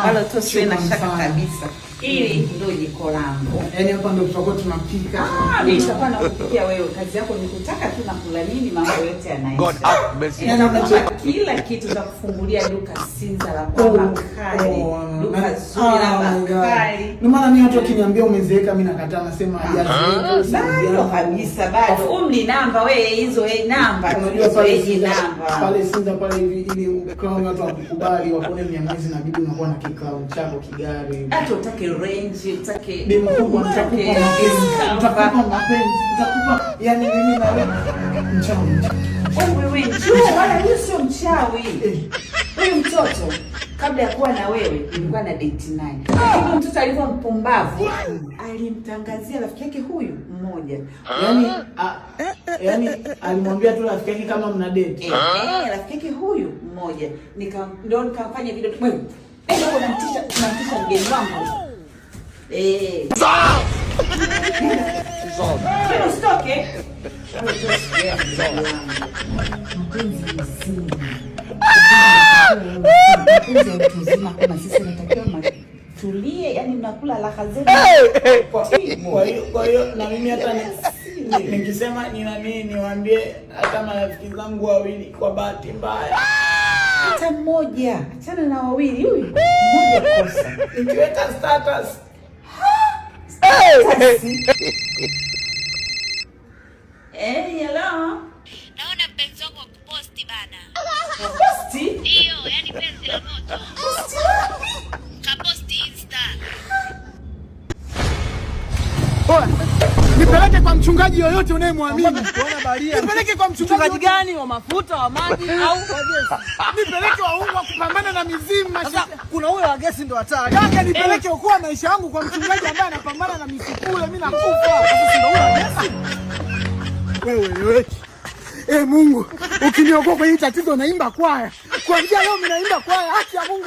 wala ah, tu sio na shaka kabisa. Hili ndio jiko langu. Yaani hapa ndio tutakuwa tunapika. Ah, mimi nitakuwa nakupikia wewe. Kazi yako ni kutaka tu na kula nini, mambo yote yanaisha. God have mercy. Kila kitu za kufungulia duka Sinza la kwa makali. Duka zuri la oh, makali. Ndio maana mimi watu wakiniambia umezeeka, mimi nakataa, nasema bado ah. kabisa, bado umri namba wewe, hizo eh, eh, namba pale Sinza pale hivi, ili crown watu wakukubali, wakuone Mnyamwezi na bibi, unakuwa na kikao chako kigari, hata utake range, utake demu kubwa, utakupa utakupa eh, mapenzi, utakupa yani mimi na wewe mchawi, wewe wewe, sio mchawi, wewe mtoto kabla ya kuwa na wewe nilikuwa na date naye, lakini mtoto alikuwa mpumbavu, alimtangazia rafiki yake huyu mmoja, yani, eh, eh, eh, yani alimwambia tu rafiki yake kama mna date eh, rafiki yake huyu mmoja, nika ndio nikafanya video wewe, ndio unamtisha unamtisha mgeni wangu eh, Stop hizi watu wazima, kuna sisi tunatakiwa matulie, yani mnakula raha zenu. Kwa hiyo kwa hiyo na mimi hata nikisema nina nini niwaambie, hata marafiki zangu wawili kwa bahati mbaya hata mmoja, achana na wawili, huyu mmoja kosa, nikiweka status Hey, hello. nipeleke kwa mchungaji yoyote unayemwamini. Nipeleke kwa mchungaji gani wa mafuta, wa maji au wa gesi? Nipeleke wa ungo kupambana na mizimu. Kuna huyo wa gesi ndo hatari. Kaka, nipeleke eh. ukua maisha yangu kwa mchungaji ambaye anapambana na misukule, mimi nakufa. Wewe, wewe. Eh, Mungu, ukiniokoa kwenye tatizo naimba kwaya. Kwa njia leo mnaimba kwaya haki ya Mungu.